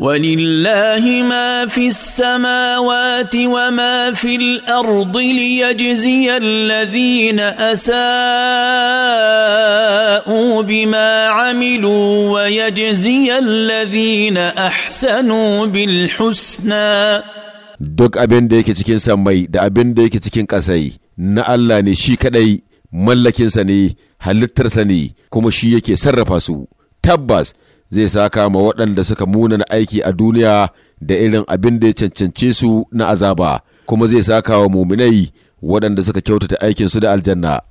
ولله ما في السماوات وما في الارض ليجزي الذين اساءوا بما عملوا ويجزي الذين احسنوا بالحسنى duk abin da yake cikin sammai da abin da yake cikin ƙasai na Allah ne shi kaɗai mallakinsa ne halittarsa ne kuma shi yake sarrafa su tabbas zai saka ma waɗanda suka munana aiki a duniya da irin abin da ya cancance su na azaba kuma zai saka wa muminai waɗanda suka kyautata aikinsu da aljanna